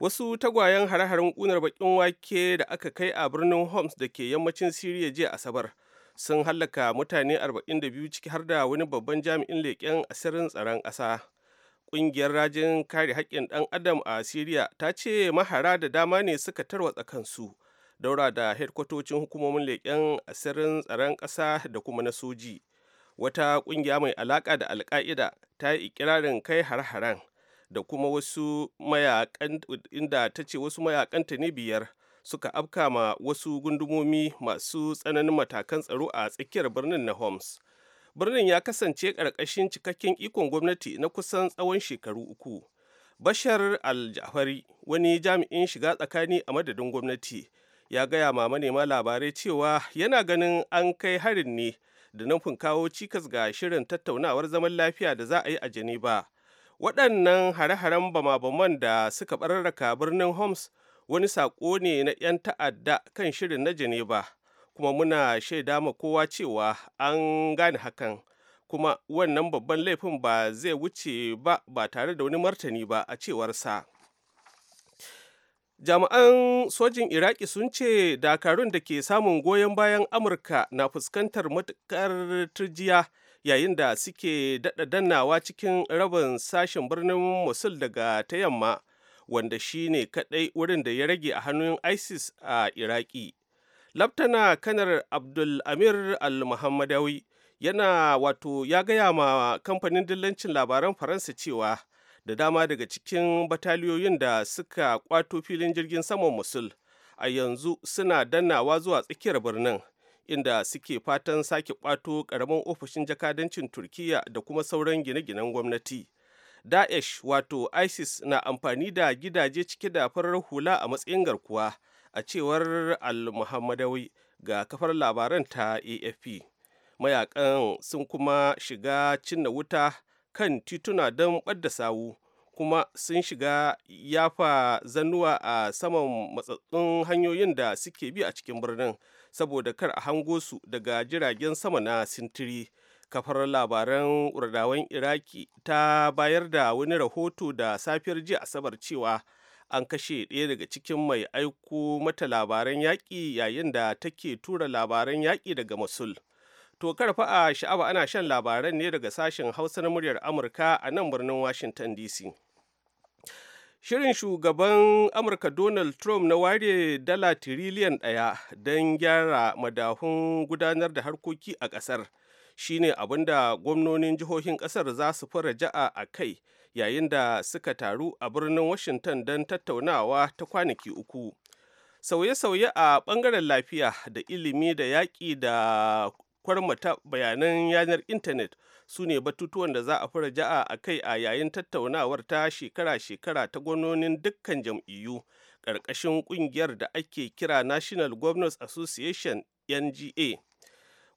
wasu tagwayen hare-haren kunar bakin wake da aka kai a birnin homs da ke yammacin siriya jiya asabar sun hallaka mutane 42 ciki har da wani babban jami'in leƙen asirin tsaron ƙasa ƙungiyar rajin kare haƙƙin ɗan adam a siriya ta ce mahara da dama ne suka tarwatsa kansu daura da hedkwatocin hukumomin leƙen asirin tsaron ƙasa da kuma na soji wata ƙungiya mai alaƙa da alƙa'ida ta yi ikirarin kai har-haren da kuma wasu mayakan inda ta ce wasu mayakanta ne biyar suka afka ma wasu gundumomi masu tsananin matakan tsaro a tsakiyar birnin na Homs. Birnin ya kasance ƙarƙashin cikakken ikon gwamnati na kusan tsawon shekaru uku. Bashar Al-Jafari, wani jami'in shiga tsakani a madadin gwamnati, ya gaya ma manema labarai cewa yana ganin an kai harin ne da nufin kawo cikas ga shirin tattaunawar zaman lafiya da za a yi a Geneva. waɗannan hare-haren bama-baman da suka ɓararraka birnin homs wani saƙo ne na 'yan ta'adda kan shirin na geneva kuma muna shaida ma kowa cewa an gane hakan kuma wannan babban laifin ba zai wuce ba ba tare da wani martani ba a cewarsa jami'an sojin iraki sun ce dakarun da ke samun goyon bayan amurka na fuskantar matukar turjiya yayin da suke daɗa dannawa cikin rabin sashen birnin mosul daga ta yamma wanda shi ne kaɗai wurin da ya rage a hannun isis a iraki laftana kanar abdul amir al-muhammadawi yana wato ya gaya ma kamfanin dillancin labaran faransa cewa da dama daga cikin bataliyoyin da suka kwato filin jirgin saman musul a yanzu suna dannawa zuwa tsakiyar birnin inda suke fatan sake ɓato ƙaramin ofishin jakadancin turkiya da kuma sauran gine-ginen gwamnati daesh wato isis na amfani da gidaje cike da farar hula a matsayin garkuwa a cewar al-muhammadawi ga kafar labaran ta afp mayakan sun kuma shiga cinna wuta kan tituna don ɓadda sawu kuma sun shiga yafa zannuwa a saman matsatsun hanyoyin da suke bi a cikin birnin saboda kar a hango su daga jiragen sama na sintiri kafar labaran urdawan iraki ta bayar da wani rahoto da safiyar jiya asabar cewa an kashe ɗaya daga cikin mai aiko mata labaran yaƙi yayin da take tura labaran yaƙi daga masul to karfa a sha'aba ana shan labaran ne daga sashen hausa na muryar amurka a nan birnin washington dc Shirin shugaban Amurka Donald Trump na ware dala tiriliyan ɗaya don gyara madahun gudanar da harkoki a ƙasar shine abin da gwamnonin jihohin ƙasar za su fara ja'a a kai yayin da suka taru a birnin Washington don tattaunawa ta kwanaki uku. Sauye-sauye a ɓangaren lafiya da ilimi da yaƙi da kwarmata bayanan yanar intanet su ne batutuwan da za a fara ja'a a kai a yayin tattaunawar ta shekara-shekara ta gwamnonin dukkan jam'iyyu ƙarƙashin ƙungiyar da ake kira national governors association nga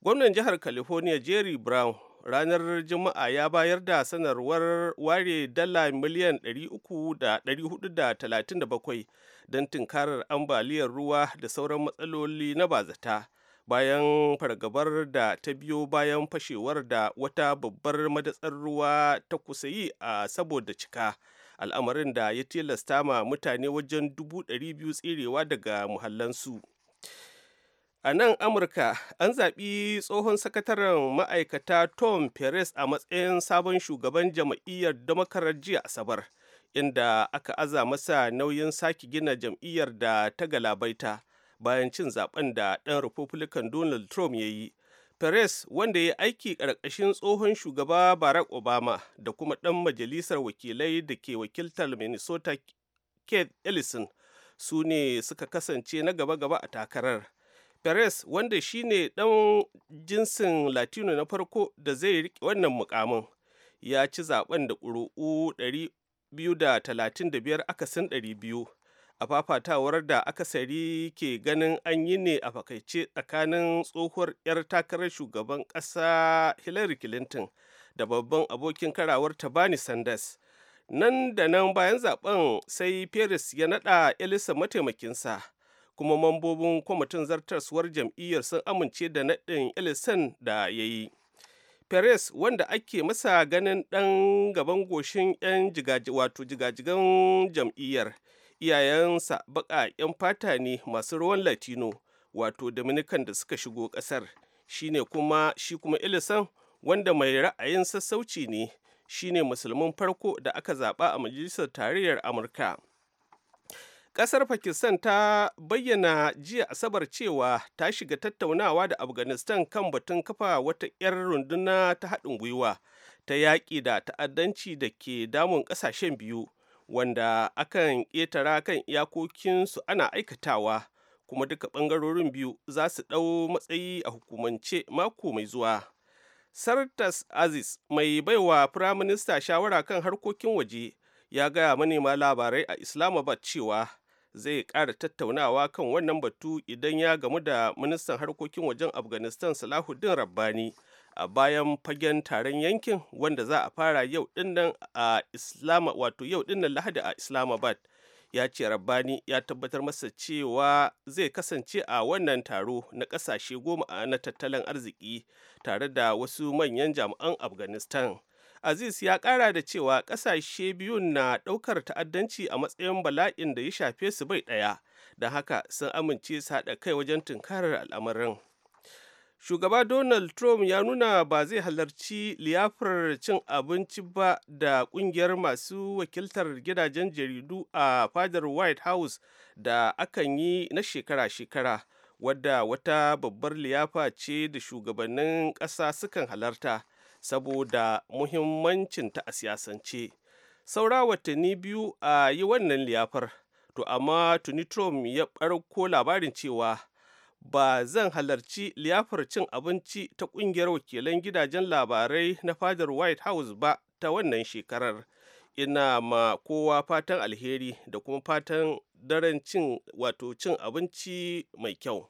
gwamnan jihar california jerry brown ranar juma'a ya bayar da sanarwar ware dala miliyan 337 don tunkarar ambaliyar ruwa da sauran matsaloli na bazata bayan fargabar da ta biyo bayan fashewar da wata babbar madatsar ruwa ta kusa yi a saboda cika al'amarin da ya tilasta ma mutane wajen dubu ɗari biyu tserewa daga muhallansu a nan amurka an zaɓi tsohon sakataren ma'aikata tom perez a matsayin sabon shugaban jam'iyyar damakarar jiya asabar inda aka aza masa nauyin sake gina jam'iyyar da ta galabaita bayan cin zaben da ɗan republican donald trump ya yi perez wanda ya yi aiki ƙarƙashin tsohon shugaba barack obama da kuma ɗan majalisar wakilai da ke wakiltar minnesota keith ellison su ne suka kasance na gaba-gaba a takarar perez wanda shine ɗan jinsin latino na farko da zai riƙe wannan mukamin ya ci zaben da ƙuru'u 235 akasin 200 a fafatawar da akasari ke ganin an yi ne a fakaice tsakanin tsohuwar 'yar takarar shugaban ƙasa hillary clinton da babban abokin karawar ta bani sanders nan da nan bayan zaben sai paris ya nada elisa mataimakinsa kuma mambobin kwamitin zartarsuwar jam'iyyar sun amince da naɗin ellison da ya yi perez wanda ake masa ganin ɗan gaban goshin 'yan wato jigajigan jam'iyyar iyayensa baƙaƙen fata ne masu ruwan latino wato dominican da suka shigo ƙasar shine kuma shi kuma ilisan wanda mai ra'ayin sassauci ne shine musulmin farko da aka zaɓa a majalisar tarayyar amurka ƙasar pakistan ta bayyana jiya asabar cewa ta shiga tattaunawa da afghanistan kan batun kafa wata 'yar runduna ta haɗin gwiwa ta yaƙi da ta'addanci da ke damun ƙasashen biyu wanda akan ƙetara kan iyakokinsu ana aikatawa kuma duka ɓangarorin biyu za su ɗau matsayi a hukumance mako mai zuwa. Sartas Aziz mai baiwa Firaminista shawara kan harkokin waje ya gaya manema labarai a Islamabad cewa zai ƙara tattaunawa kan wannan batu idan ya gamu da ministan harkokin wajen Afghanistan Salahuddin Rabbani. a bayan fagen taron yankin wanda za a fara yau dinnan a islama wato yau dinnan lahadi a islamabad ya ce rabbani ya tabbatar masa cewa zai kasance a wannan taro na kasashe goma na tattalin arziki tare da wasu manyan jami'an afghanistan aziz ya kara da cewa kasashe biyun na daukar ta'addanci a matsayin bala'in da ya shafe su bai daya da haka sun amince su haɗa kai wajen tunkarar al'amarin shugaba donald trump ya nuna ba zai halarci liyafar cin abinci ba da kungiyar masu wakiltar gidajen jaridu a fadar white house da akan yi na shekara-shekara wadda wata babbar liyafa ce da shugabannin ƙasa sukan halarta saboda muhimmancin ta a siyasance saura watanni biyu a yi wannan liyafar to amma tuni trump ya ɓarko labarin cewa ba zan halarci liyafar cin abinci ta kungiyar wakilan gidajen labarai na fadar white house ba ta wannan shekarar ina ma kowa fatan alheri da kuma fatan daren cin wato cin abinci mai kyau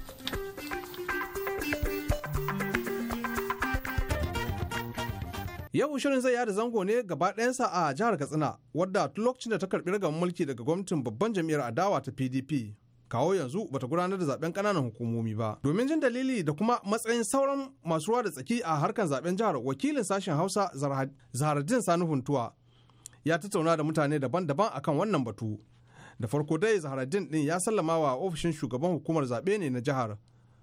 Yau shirin zai yada zango ne gaba ɗayansa a jihar Katsina, wadda tun lokacin da ta karɓi ragar mulki daga gwamnatin babban jam'iyyar adawa ta PDP. Kawo yanzu bata gudanar da zaben ƙananan hukumomi ba. Domin jin dalili da kuma matsayin sauran masu ruwa da tsaki a harkar zaben jihar wakilin sashen Hausa Zaharaddin Sani Huntuwa ya tattauna da mutane daban-daban akan wannan batu. Da farko dai Zaharaddin din ya sallama wa ofishin shugaban hukumar zaɓe ne na jihar.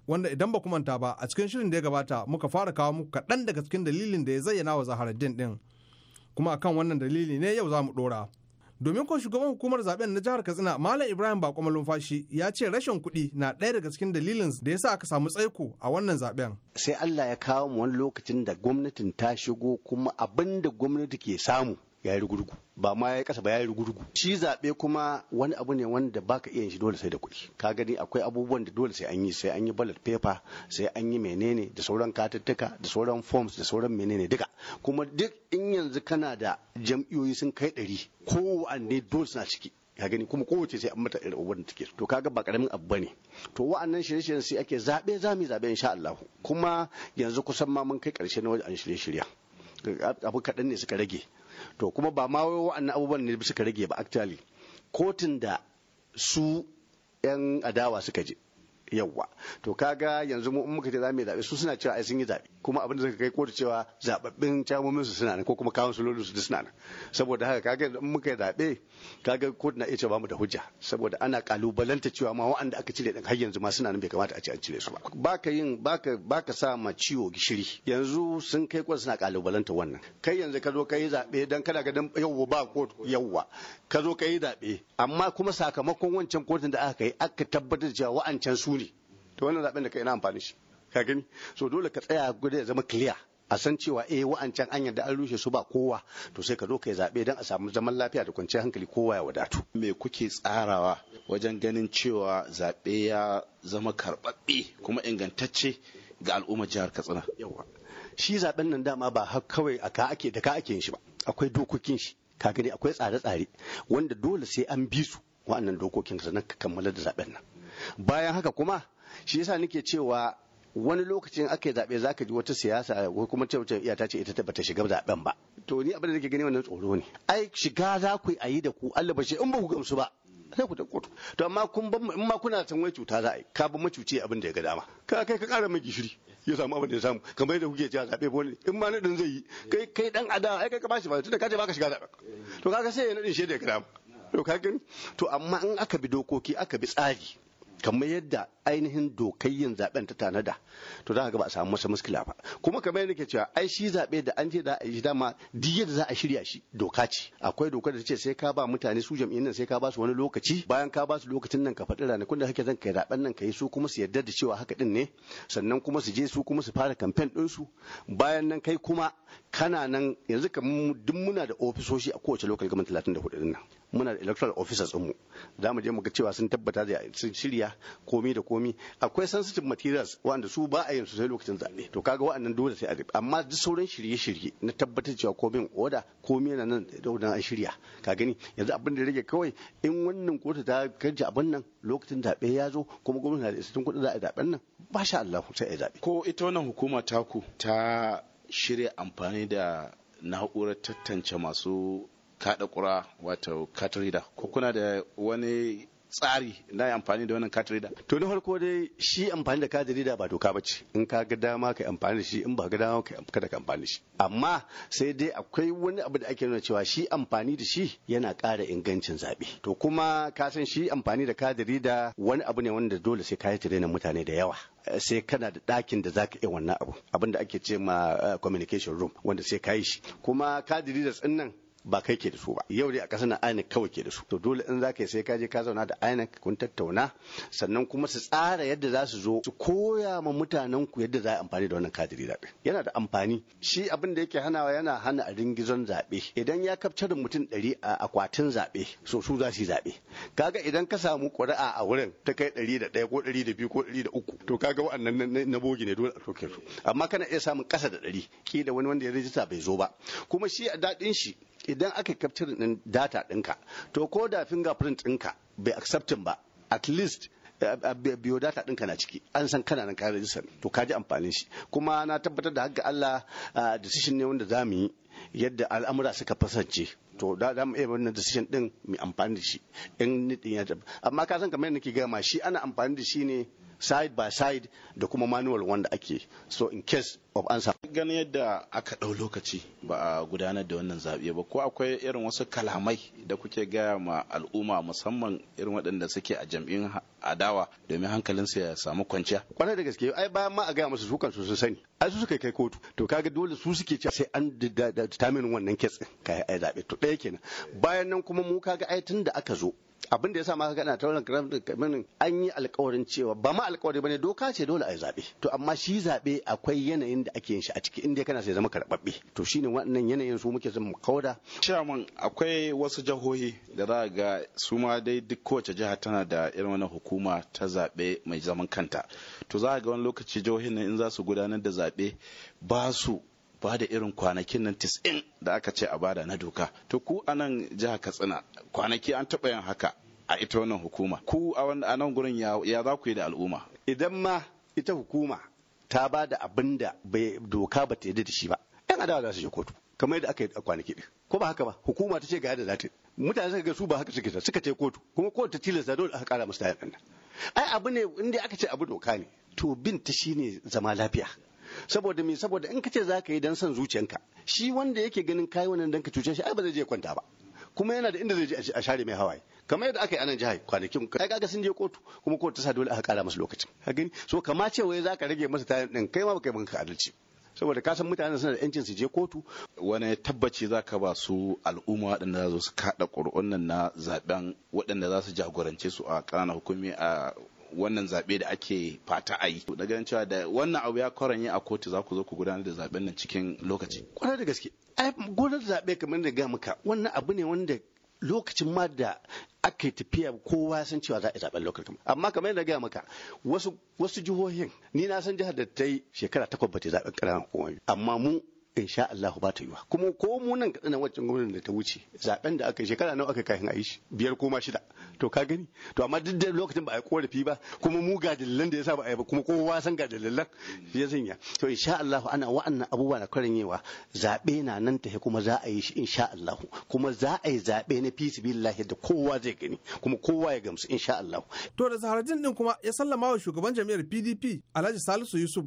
wanda idan ba manta ba a cikin shirin da ya gabata muka fara kawo muku kaɗan daga cikin dalilin da ya zayyana wa zaharaddin ɗin kuma akan wannan dalili ne yau za mu ɗora domin ko shugaban hukumar zaben na jihar katsina malam ibrahim bako malumfashi ya ce rashin kuɗi na ɗaya daga cikin dalilin da ya sa aka samu tsaiko a wannan zaben sai allah ya kawo mu wani lokacin da gwamnatin ta shigo kuma abinda gwamnati ke samu ya yi rugurgu ba ma ya kasa ba ya yi rugurgu shi zaɓe kuma wani abu ne wanda baka iya yin shi dole sai da kuɗi ka gani akwai abubuwan da dole sai an yi sai an yi ballot paper sai an yi menene da sauran katattaka da sauran forms da sauran menene duka kuma duk in yanzu kana da jam'iyoyi sun kai ɗari kowanne dole suna ciki ka gani kuma kowace sai an mata irin abubuwan da take to kaga ba karamin abu bane to wa'annan shirye-shiryen sai ake zaɓe za mu zaɓe insha Allah kuma yanzu kusan ma mun kai ƙarshe na wajen shirye-shiryen abu kaɗan ne suka rage to kuma ba ma wa'annan abubuwan ne suka rage ba actually kotun da su 'yan adawa suka je yawwa to kaga yanzu mu muka ce za mu yi su suna cewa ai sun yi zaɓe kuma abin da suka kai kotu cewa zababbin camomin su suna nan ko kuma kawun sulolin su suna nan saboda haka kaga in muka yi zaɓe kaga kotu na iya cewa bamu da hujja saboda ana kalubalanta cewa ma wa'anda aka cire din har yanzu ma suna nan bai kamata a ce an cire su ba baka yin baka baka sa ma ciwo gishiri yanzu sun kai kotu suna kalubalanta wannan kai yanzu ka zo kai zabe zaɓe dan kana ga dan yawwa ba kotu yawwa ka zo kai zabe zaɓe amma kuma sakamakon wancan kotun da aka yi aka tabbatar da cewa wa'ancan su to wannan zaben da kai ina amfani shi ka gani so dole ka tsaya gudu ya zama clear a san cewa eh wa'ancan hanyar da an rushe su ba kowa to sai ka zo kai zabe don a samu zaman lafiya da kwanciyar hankali kowa ya wadatu me kuke tsarawa wajen ganin cewa zabe ya zama karbabbe kuma ingantacce ga al'ummar jihar Katsina yawa shi zaben nan dama ba har kawai a ka ake da ka ake yin shi ba akwai dokokin shi ka gani akwai tsare-tsare wanda dole sai an bi su wa'annan dokokin sannan ka kammala da zaben nan bayan haka kuma shi yasa nake cewa wani lokacin aka yi zaɓe za ka ji wata siyasa ko kuma ce wacce iya ta ce ita ba ta shiga zaɓen ba to ni abin da nake gani wannan tsoro ne ai shiga za ku yi a yi da ku Allah ba shi in ba ku gamsu ba sai ku ta kotu to amma kun ban in ma kuna san wai cuta za a yi ka ban macuci abin da ya ga dama ka kai ka ƙara mai gishiri ya samu abin da ya samu kamar yadda kuke cewa zaɓe wani in ma naɗin zai yi kai kai dan adawa ai kai ka bashi ba tunda ka ce ba ka shiga zaɓen to kaga sai ya naɗin shi da ya ga dama to kaga to amma in aka bi dokoki aka bi tsari kamar yadda ainihin yin zaben ta tanada to za ka ba a samu masa muskila ba kuma kamar yadda ke cewa ai shi zabe da an ce da a yi dama duk yadda za a shirya shi doka ce akwai dokar da ce sai ka ba mutane su jam'iyyar nan sai ka ba su wani lokaci bayan ka ba su lokacin nan ka faɗi ranakun da kake zan kai zaben nan ka yi su kuma su yarda da cewa haka din ne sannan kuma su je su kuma su fara kamfen din su bayan nan kai kuma kana nan yanzu kamar duk muna da ofisoshi a kowace lokal gama 34 din nan muna da electoral officers mu za mu je mu ga cewa sun tabbata da sun shirya komi da komi akwai sensitive materials wanda su ba a yin su sai lokacin zaɓe to kaga wa'annan dole sai a rufe amma duk sauran shirye-shirye na tabbatar cewa komin oda komi yana nan da an shirya ka gani yanzu abin da rage kawai in wannan kotu ta karje abin nan lokacin zaɓe ya zo kuma gwamnati na da isassun kuɗi za a zaɓen nan ba sha Allah sai a zaɓe. ko ita wannan hukuma taku ta shirya amfani da na'urar tantance masu kada kura wato katrida ko kuna da wani tsari na amfani da wannan card reader to na farko dai shi amfani da card reader ba doka bace in ka ga dama kai amfani da shi in ba ga dama kai kada ka amfani da shi amma sai dai akwai wani abu da ake nuna cewa shi amfani da shi yana ƙara ingancin zabe to kuma ka san shi amfani da card reader wani abu ne wanda dole sai ka yi tirenin mutane da yawa eh, sai kana da ɗakin da zaka iya wannan abu abin da ake ce ma eh, communication room wanda sai ka yi shi kuma card readers ba kai ke da su ba yau dai a ƙasar nan INEC kawai ke da su to dole in za ka sai ka je ka zauna da INEC kun tattauna sannan kuma su tsara yadda za su zo su koya ma mutanen ku yadda za a amfani da wannan kadiri zaɓe yana da amfani shi abin da yake hanawa yana hana a ringizon zaɓe idan ya da mutum ɗari a akwatin zaɓe so su za su yi zaɓe kaga idan ka samu ƙuri'a a wurin ta kai ɗari da ɗaya ko ɗari da biyu ko ɗari da uku to kaga wa'annan na bogi ne dole a toke su amma kana iya samun ƙasa da ɗari kila wani wanda ya rijista bai zo ba kuma shi a daɗin shi idan aka capture din data dinka, to ko da fingerprint dinka bai accepting ba at least eh, eh, biyo data dinka na ciki an san kana nan kare rijistar to kaji amfanin shi kuma na tabbatar da haka Allah eh, decision ne wanda za mu yi yadda al'amura suka fasance to da za mu iya wannan decision din mu amfani da shi in ni din ya amma ka san kamar nake gama shi ana amfani da shi ne side by side da kuma manual wanda ake so in case of answer ganin yadda aka ɗau lokaci ba a gudanar da wannan zaɓe ba ko akwai irin wasu kalamai da kuke gaya ma al'umma musamman irin waɗanda suke a jam'in adawa domin hankalinsu ya samu kwanciya kwanar da gaske ai bayan ma a gaya musu su kansu su sani ai su suka kai kotu to kaga dole su suke cewa sai an determine wannan kitsin kai ai zaɓe to ɗaya kenan bayan nan kuma mu kaga ai tun da aka zo abin da ya sa ma ga ana tauraron karamin kamin an yi alkawarin cewa ba ma alkawari bane doka ce dole a yi zabe to amma shi zabe akwai yanayin da ake yin shi a ciki inda kana sai zama karbabbe to shine wannan yanayin su muke zama mu kauda chairman akwai wasu jahohi da za ga su ma dai duk kowace jiha tana da irin wannan hukuma ta zabe mai zaman kanta to za ga wani lokaci jihohin nan in za su gudanar da zabe ba su ba da irin kwanakin nan tis'in da aka ce a bada na doka to ku a nan jihar katsina kwanaki an taɓa yin haka a ita wannan hukuma ku a nan gurin ya za ku yi da al'umma idan ma ita hukuma ta ba da abin da doka ba ta yi da shi ba yan adawa za su je kotu kamar yadda aka yi a kwanaki ɗin ko ba haka ba hukuma ta ce ga yadda za ta mutane suka ga su ba haka suke ta suka ce kotu kuma kotu ta tilasta dole aka kara musu tayar ɗin ai abu ne inda aka ce abu doka ne to bin ta shine zama lafiya saboda me saboda in kace ka yi dan son zuciyanka shi wanda yake ganin kai wannan dan ka cuce shi ai ba zai je kwanta ba kuma yana da inda zai je a share mai hawaye kamar yadda aka yi anan jihar kwanakin kai kaga sun je kotu kuma kotu ta sa dole aka kara masa lokacin ka gani so kama za ka rage masa ta din kai ma baka kai maka adalci saboda kasan mutane suna da yancin su je kotu wani tabbaci za ka ba su al'umma waɗanda za su kaɗa ƙuri'un nan na zaben waɗanda za su jagorance su a ƙananan hukumi a wannan zaɓe da ake fata a yi. Da ganin cewa da wannan abu ya kwaranye a kotu za ku zo ku gudanar da zaɓen nan cikin lokaci. Kwanar da gaske. Ai gudanar da zaɓe kamar da ga ka wannan abu ne wanda lokacin ma da ake tafiya kowa san cewa za a zaɓen lokacin amma kamar da gama maka wasu jihohin ni na san jihar da ta yi shekara takwas ba ta zaɓen ƙananan hukumomi amma mu insha Allah ba ta yiwa kuma ko mu nan katsina waccan gwamnatin da ta wuce zaben da aka yi shekara nawa aka kai ayi shi biyar ko ma shida to ka gani to amma duk da lokacin ba a yi korafi ba kuma mu ga dalilan da yasa ba a yi ba kuma kowa san ga dalilan ya sanya to insha Allah ana wa'annan abubuwa na karanyewa zabe na nan ta kuma za a yi shi insha Allah kuma za a yi zabe na fi sabilillahi da kowa zai gani kuma kowa ya gamsu insha Allah to da zaharajin din kuma ya sallama wa shugaban jami'ar PDP Alhaji Salisu Yusuf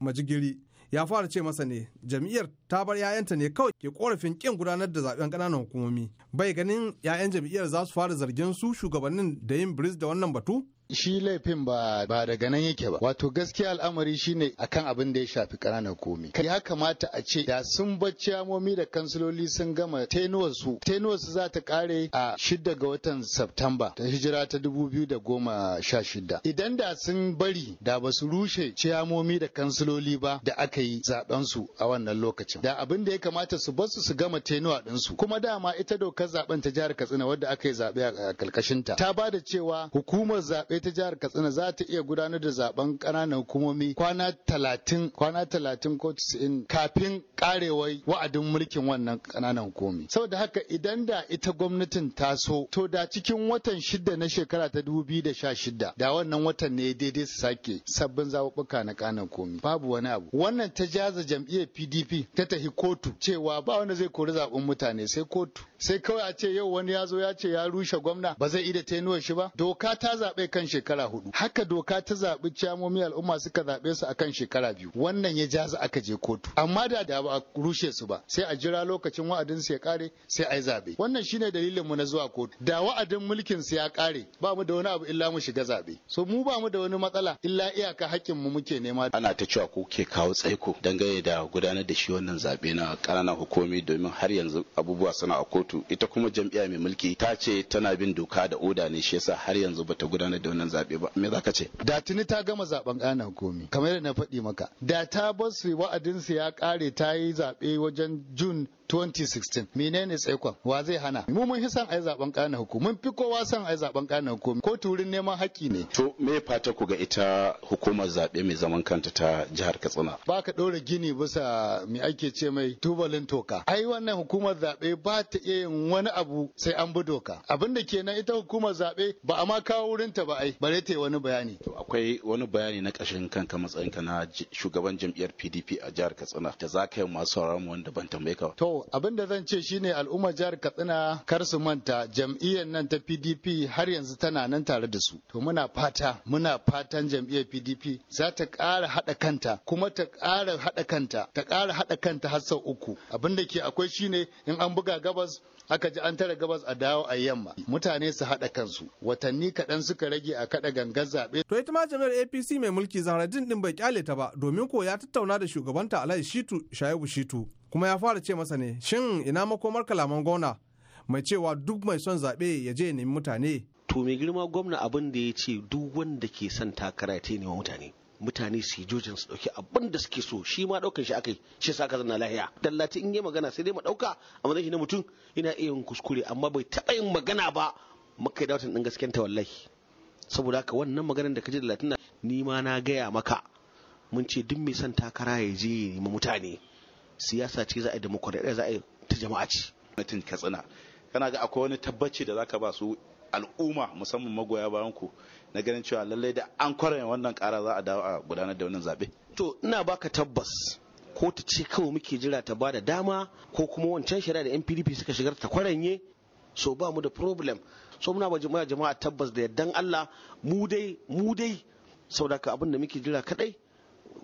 Majigiri ya fara ce masa ne jam'iyyar ta bar 'ya'yanta ne kawai ke korafin kin gudanar da zaben ƙananan hukumomi bai ganin 'ya'yan jam'iyyar za su fara zargin su shugabannin da yin biris da wannan batu shi laifin ba daga nan yake ba wato gaskiya al'amari shine akan abin da ya shafi ƙananan komi kai ya kamata a ce da sun bar ciyamomi da kansiloli sun gama tenuwar su tenuwar su za ta kare a shidda ga watan Septamba ta hijira ta dubu biyu da goma sha shidda. idan da sun bari da ba su rushe ciyamomi da kansiloli ba da aka yi zaben su a wannan lokacin da abin da ya kamata su bar su su gama tenuwa din su kuma dama ita dokar zaben ta jihar Katsina wadda aka yi zaɓe a karkashin ta ta ba da cewa hukumar zaɓe. Musulmai ta jihar Katsina za ta iya gudanar da zaben ƙananan hukumomi kwana talatin kwana talatin ko tisa'in kafin karewai wa'adin mulkin wannan ƙananan hukumomi. Saboda haka idan da ita gwamnatin ta so to da cikin watan shida na shekara ta dubu biyu da sha shida da wannan watan ne daidai su sake sabbin zaɓuɓɓuka na ƙananan hukumomi babu wani abu. Wannan ta jaza jam'iyyar PDP ta tahi kotu cewa ba wanda zai kori zaɓen mutane sai kotu. sai kawai a ce yau wani ya zo ya ce ya rushe gwamna ba zai ida tenuwar shi ba doka ta zaɓe kan shekara hudu haka doka ta zaɓi ciyamomi al'umma suka zaɓe su akan shekara biyu wannan ya jaza aka je kotu amma da da ba a rushe su ba sai a jira lokacin wa'adin su ya kare sai a yi zaɓe wannan shine dalilin mu na zuwa kotu da wa'adin mulkin su ya kare ba mu da wani abu illa mu shiga zaɓe so mu ba mu da wani matsala illa iyaka hakkin mu muke nema ana ta cewa ko ke kawo tsaiko dangane da gudanar da shi wannan zaɓe na ƙananan hukumi domin har yanzu abubuwa suna a kotu kotu ita kuma jam'iyya mai mulki ta ce tana bin doka da oda ne shi yasa har yanzu bata gudanar da wannan zabe ba me zaka ce da tuni ta gama zaben kana hukumi kamar yadda na faɗi maka da ta bar su wa'adin su ya kare ta yi zabe wajen june 2016 menene tsaikon wa zai hana mu mun hisan ai zaben kana hukumi mun fi kowa san ai zaben kana hukumi ko turin neman haƙƙi ne to me fata ku ga ita hukumar zabe mai zaman kanta ta jihar Katsina baka dora gini bisa me ake ce mai tubalin toka ai wannan hukumar zabe ba ta iya yin wani abu sai an bi doka abin da kenan ita hukumar zaɓe ba a ma kawo wurin ta ba ai bare ta wani bayani to akwai wani bayani na ƙashin kanka matsayinka na shugaban jam'iyyar PDP a jihar Katsina da za ka yi masu sauraron wanda ban tambaye ka to abin da zan ce shine al'ummar jihar Katsina kar su manta jam'iyyar nan ta PDP har yanzu tana nan tare da su to muna fata muna fatan jam'iyyar PDP za ta ƙara haɗa kanta kuma ta ƙara haɗa kanta ta ƙara haɗa kanta har sau uku abin da ke akwai shine in an buga gabas aka ji an tara gabas a dawo a yamma mutane su haɗa kansu watanni kaɗan suka rage a kaɗa gangan zaɓe. to ita ma jami'ar apc mai mulki zahraddin din bai kyale ta ba domin ko ya tattauna da shugabanta alhaji shitu shaibu shitu kuma ya fara ce masa ne shin ina makomar kalaman gona mai cewa duk mai son zaɓe ya je ya nemi mutane. to mai girma gwamna abin da ya ce duk wanda ke son takara ya nema mutane mutane su yi jojin su dauki abin da suke so shi ma daukan shi akai shi sa ka zanna lahiya dallaci in yi magana sai dai mu dauka a madan shi na mutum ina iya yin kuskure amma bai taba yin magana ba muka yi watan din gasken ta wallahi saboda haka wannan maganar da kaji da na. ni ma na gaya maka mun ce duk mai son takara ya je ya mutane siyasa ce za a yi demokuraɗiyya za a yi ta jama'a ce. Mutum Katsina kana ga akwai wani tabbaci da zaka ba su al'umma musamman magoya bayan ku na ganin cewa lallai da an kwarar wannan kara za a dawo a gudanar da wannan zabe. to ina baka tabbas ko ta ce kawai muke jira ta ba da dama ko kuma wancan shari'a da yan suka shigar ta kwaranye so ba mu da problem so muna ba jama'a tabbas da yaddan allah mu dai mu dai saboda abin da muke jira kadai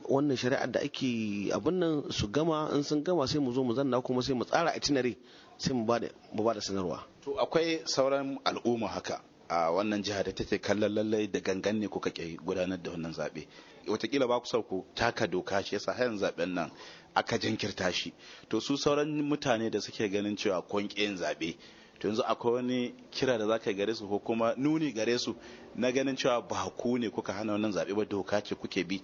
wannan shari'ar da ake abin nan su gama in sun gama sai mu zo mu zanna kuma sai mu tsara itinare sai mu ba da sanarwa to akwai sauran al'umma haka a wannan jiha da take kallon lallai da gangan ne kuka ke gudanar da wannan zaɓe watakila ba ku sau taka doka shi yasa hayan zaɓen nan aka jinkirta shi to su sauran mutane da suke ganin cewa yin zaɓe to yanzu akwai wani kira da zaka gare su ko kuma nuni gare su na ganin cewa ba ku ne kuka hana wannan zaɓe ba doka ce kuke bi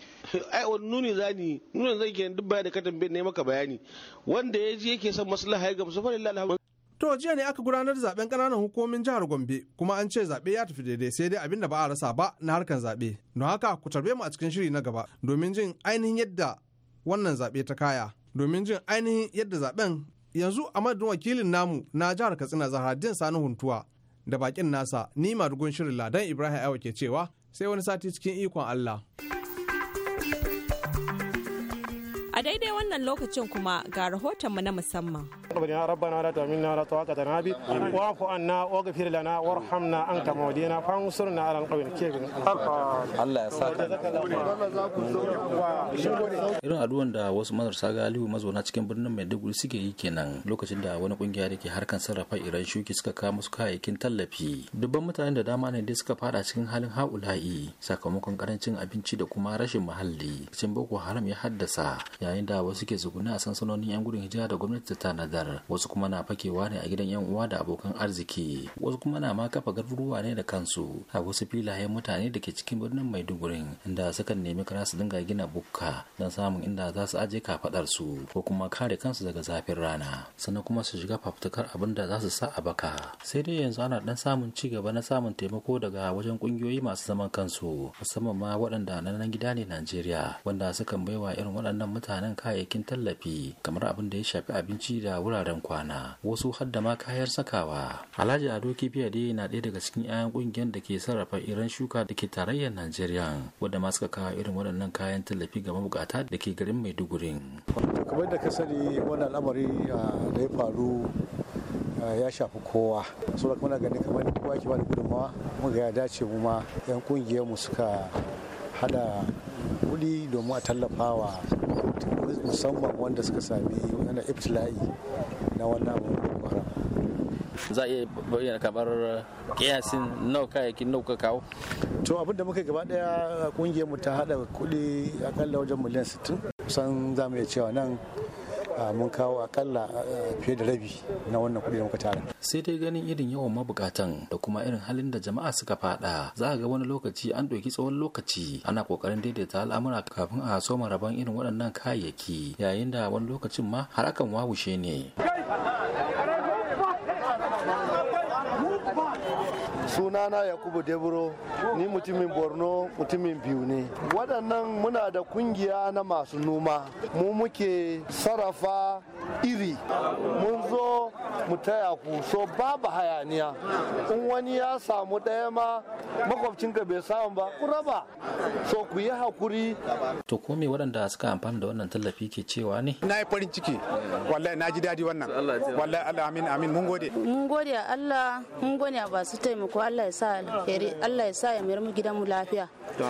ai wani nuni za ni nuni zai ke duk bayan da ka bin ne maka bayani wanda ya ji yake son maslaha ya gamsu fa lillahi To jiya ne aka gudanar zaben kananan hukumomin jihar Gombe kuma an ce zaɓe ya tafi daidai sai dai abin da ba a rasa ba na harkar zaɓe. Don haka ku tarbe mu a cikin shiri na gaba domin jin ainihin yadda wannan zaɓe ta kaya. Domin jin ainihin yadda zaben yanzu a madadin wakilin namu na jihar katsina zahardin sani huntuwa da bakin nasa ni madugun shirin ladan ibrahim aiwa ke cewa sai wani sati cikin ikon allah daidai wannan lokacin kuma ga rahotonmu na musamman. ربنا ربنا nabi wa anna wa lana warhamna anta fansurna ala Allah ya saka. irin aduwan da wasu marasa mazo mazauna cikin birnin Maiduguri suke yi kenan lokacin da wani kungiya da ke harkan sarrafa iran shuki suka kawo musu kayayyakin tallafi dubban mutanen da dama ne dai suka fada cikin halin haula'i sakamakon karancin abinci da kuma rashin muhalli cin boko haram ya haddasa ya yayin da wasu ke tsuguna a sansanonin 'yan gudun hijira da gwamnati ta tanadar wasu kuma na fakewa ne a gidan 'yan uwa da abokan arziki wasu kuma na ma kafa garuruwa ne da kansu a wasu filayen mutane da ke cikin birnin maiduguri inda sukan nemi kana su dinga gina bukka don samun inda za su aje kafadar su ko kuma kare kansu daga zafin rana sannan kuma su shiga fafutukar abin da za su sa a baka sai dai yanzu ana dan samun ci gaba na samun taimako daga wajen kungiyoyi masu zaman kansu musamman ma waɗanda na nan gida ne Najeriya wanda bai wa irin waɗannan mutane ƙananan kayayyakin tallafi kamar abin da ya shafi abinci da wuraren kwana wasu har da ma kayar sakawa alhaji ado kifiya dai na ɗaya daga cikin 'ya'yan ƙungiyar da ke sarrafa iran shuka da ke tarayyar najeriya wadda ma suka kawo irin waɗannan kayan tallafi ga mabukata da ke garin maiduguri kamar da ka sani wannan al'amari ah, da ya faru ah, ya shafi kowa da kuma gani kamar kowa ke da gudunmawa muga ya dace mu ma 'yan kungiyar mu suka hada kuɗi domin a tallafawa musamman wanda suka sami wani iftila'i na wannan kwara za a iya bayyana kamar kiyasin nawa kayayyakin nau ka kawo to abin da muka gaba daya kungiyar mu ta hada kudi akalla wajen miliyan 60 kusan za mu iya cewa nan Ah, mun kawo akalla eh, fiye da rabi na wannan kuɗi da muka tara sai dai ganin irin yawan mabukatan da kuma irin halin da jama'a suka fada za a ga wani lokaci an ɗauki tsawon lokaci ana kokarin daidaita al'amura kafin a soma rabon irin waɗannan kayayyaki yayin da wani lokacin ma har akan wawushe ne sunana yakubu deburo ni mutumin borno mutumin biyu ne waɗannan muna da kungiya na masu noma mu muke sarrafa iri mun zo mu taya ku so babu hayaniya in wani ya samu ɗaya ma makwabcinka bai samu ba ku raba so ku yi hakuri to ko me waɗanda suka amfana da wannan tallafi ke cewa ne na yi farin ciki wallahi na ji daɗi wannan wallahi Allah amin amin mun gode mun gode Allah mun gode ba su taimako Allah ya sa alheri Allah ya sa ya mayar mu gidan mu lafiya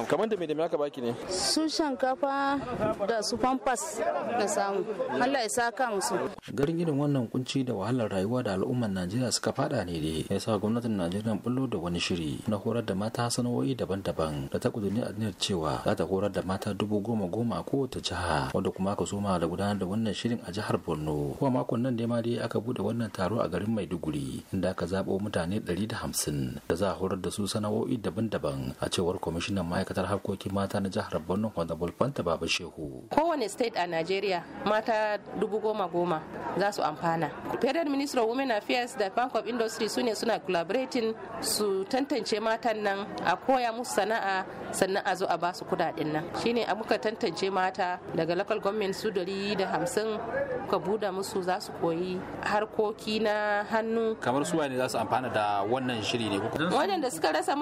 kamar da me da me aka baki ne su shankafa da su pampas da samu Allah ya sa ka musu garin irin wannan kunci da wahalar rayuwa rayuwa da al'ummar Najeriya suka fada ne dai sa gwamnatin Najeriya bullo da wani shiri na horar da mata sana'o'i daban-daban da ta kudurni aniyar cewa za ta horar da mata dubu goma goma a kowace jiha wanda kuma aka soma da gudanar da wannan shirin a jihar Borno kuma makon nan ne ma dai aka bude wannan taro a garin Maiduguri inda aka zabo mutane 150 da za a horar da su sana'o'i daban-daban a cewar kwamishinan ma'aikatar harkokin mata na jihar Borno Honorable Fanta Baba Shehu kowane state a Najeriya mata dubu goma goma za su amfana federal ministry ministry of women affairs da bank of industry sune suna collaborating su tantance matan nan a koya musu sana'a sannan a zo a basu kudaden nan shine a muka tantance mata daga local government su dari da hamsin muka buda musu za su koyi harkoki na hannu kamar su ne za su amfana da wannan shiri ne wadanda suka rasa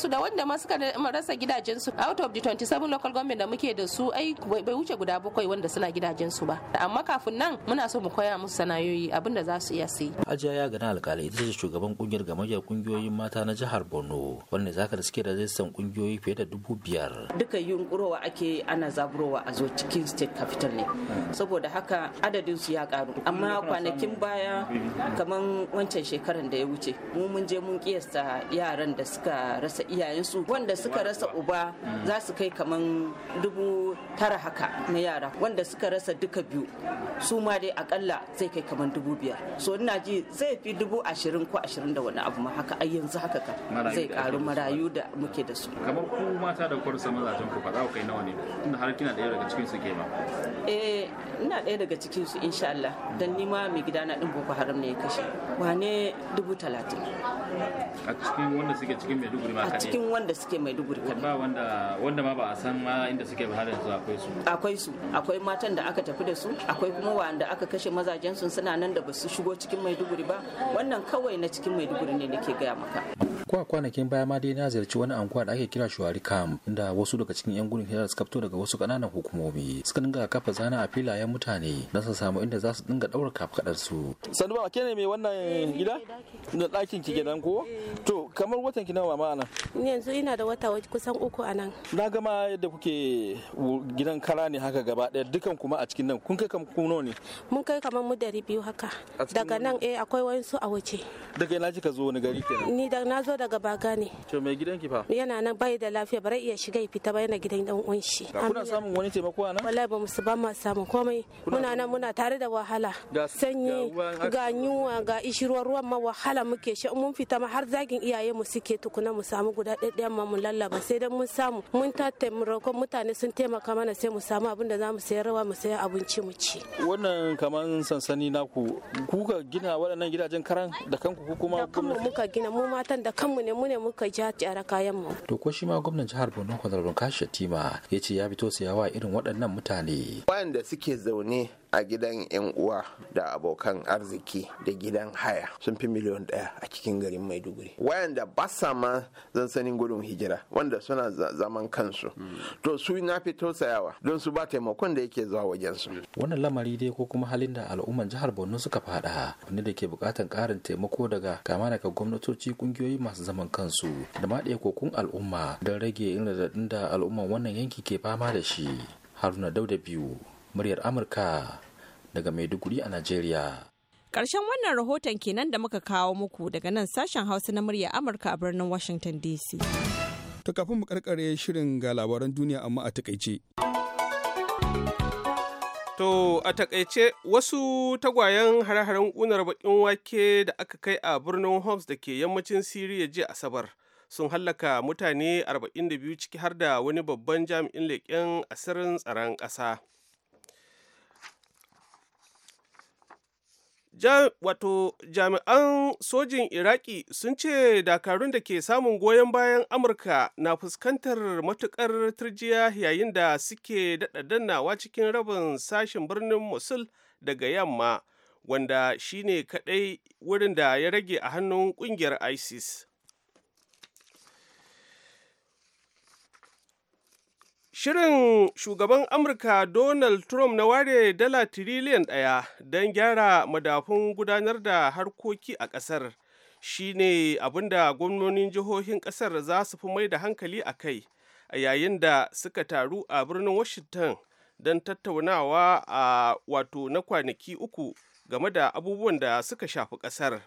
su da wanda ma suka rasa su out of the 27 local government da muke da su ai bai wuce guda bakwai wanda suna su ba amma kafin nan muna so mu koya musu sanayoyi abinda za su iya sai hajiya ya gani alkali ita ce shugaban kungiyar gamayyar kungiyoyin mata na jihar borno wanda zaka da suke da zai san kungiyoyi fiye da da dubu biyar. Duka yunkurowa ake ana zaburowa a zo cikin state capital ne. Saboda haka adadin su ya ƙaru Amma kwanakin baya kamar wancan shekaran da ya wuce mu mun je mun kiyasta yaran da suka rasa iyayensu wanda suka rasa uba hmm. za su kai kamar dubu tara haka na yara wanda suka rasa duka biyu su ma dai akalla zai kai kamar dubu biyar. So ina ji zai fi dubu ashirin ko ashirin da wani abu ma haka ai yanzu haka ka zai karu marayu da muke da su. Kamar ku ku mata da kwarsa mazajen ku faɗa kai nawa ne tunda har kina ɗaya daga cikin su ke ma eh ina ɗaya daga cikin su insha Allah dan ni ma mai gida na din boko haram ne ya kashe wane dubu talatin a cikin wanda suke cikin mai duguri ma kadai a cikin wanda suke duguri kadai ba wanda wanda ma ba a san ma inda suke ba har yanzu akwai su akwai su akwai matan da aka tafi da su akwai kuma wanda aka kashe mazajen su suna nan da basu shigo cikin mai duguri ba wannan kawai na cikin mai duguri ne nake gaya maka kwa kwanakin baya ma dai na ziyarci wani anguwa da ake kira shuwari camp da wasu daga cikin 'yan gudun hijira suka fito daga wasu ƙananan hukumomi suka dinga kafa zana a filayen mutane don su samu inda za su dinga ɗaura su. Sanuwa ke ne mai wannan gida? Da ɗakin ki gidan ko? To kamar watan ki nawa mama anan? Yanzu ina da wata kusan uku anan. Na gama yadda kuke gidan kara ne haka gaba ɗaya dukan kuma a cikin nan kun kai kamar kuno ne? Mun kai kamar mu dari biyu haka. Daga nan eh akwai wayansu a wuce. Daga ina kika zo wani gari kenan? Ni da na zo daga Baga ne. To mai gidan ki fa? Yana nan bai da lafiya. lafiya bare iya shiga ya fita ba yana gidan dan uwan shi kuna samun wani taimako nan wallahi ba mu ba ma samu komai muna nan muna tare da wahala sanyi ga yunwa ga ishiruwa ruwan ma wahala muke shi mun fita ma har zagin iyaye mu suke tukuna mu samu guda ɗaya ma mu lallaba sai dan mun samu mun ta taimako mutane sun taimaka mana sai mu samu abin da zamu sayar rawa mu sayar abinci mu ci wannan kaman sansani naku kuka gina waɗannan gidajen karan da kanku kuma da kanmu muka gina mu matan da kanmu ne mu ne muka ja kayan mu to ko shi ma gwamnati gwamnan jihar Borno Honorable Kashi Tima ya ce ya fito siyawa irin waɗannan mutane. Wayanda suke zaune a gidan 'yan uwa da abokan arziki da gidan haya sun fi miliyon ɗaya a cikin garin maiduguri wayanda ba sa ma zan sanin gudun hijira wanda suna zaman kansu to su na fito sayawa don su ba taimakon da yake zuwa wajen su wannan lamari dai ko kuma halin da al'umman jihar borno suka fada wanda da ke bukatan karin taimako daga kama daga gwamnatoci kungiyoyi masu zaman kansu da ma kokun al'umma don rage irin da al'umman wannan yanki ke fama da shi haruna dauda biyu muryar amurka daga maiduguri a nigeria. Ƙarshen wannan rahoton kenan da muka kawo muku daga nan sashen Hausa na murya Amurka a birnin Washington DC. To kafin mu karkare shirin ga labaran duniya amma a takaice. To a takaice wasu tagwayen hare-haren unar bakin wake da aka kai a birnin Homs da ke yammacin Siriya jiya Asabar sun hallaka mutane 42 ciki har da wani babban jami'in leƙen asirin tsaron ƙasa. wato jami'an sojin iraki sun ce dakarun da ke samun goyon bayan amurka na fuskantar matukar turjiya yayin da suke daɗa cikin rabin sashen birnin musul daga yamma wanda shine kaɗai wurin da ya rage a hannun ƙungiyar isis Shirin shugaban Amurka Donald Trump na ware dala tiriliyan ɗaya don gyara madafun gudanar da harkoki a ƙasar shi ne abin da gwamnonin jihohin ƙasar za su fi mai da hankali a kai a yayin da suka taru a birnin Washington don tattaunawa a wato na kwanaki uku game da abubuwan da suka shafi ƙasar.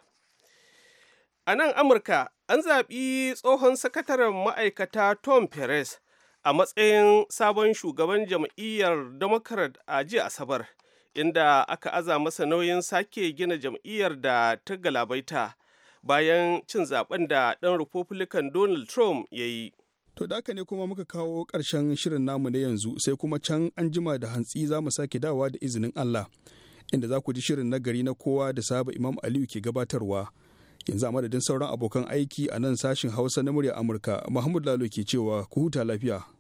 A nan Amurka, an zaɓi tsohon sakataren ma'aikata Tom Perez a matsayin sabon shugaban jam'iyyar democrat a jiya asabar inda aka aza masa nauyin sake gina jam'iyyar da ta galabaita bayan cin zaben da ɗan republican donald trump ya yi To da ka ne kuma muka kawo ƙarshen shirin namu na yanzu sai kuma can an jima da hantsi za mu sake dawa da izinin Allah inda za ku ji shirin nagari na kowa da saba Imam Aliyu ke gabatarwa. Yanzu a madadin sauran abokan aiki a nan sashin Hausa na murya Amurka Muhammadu Lalo ke cewa ku huta lafiya.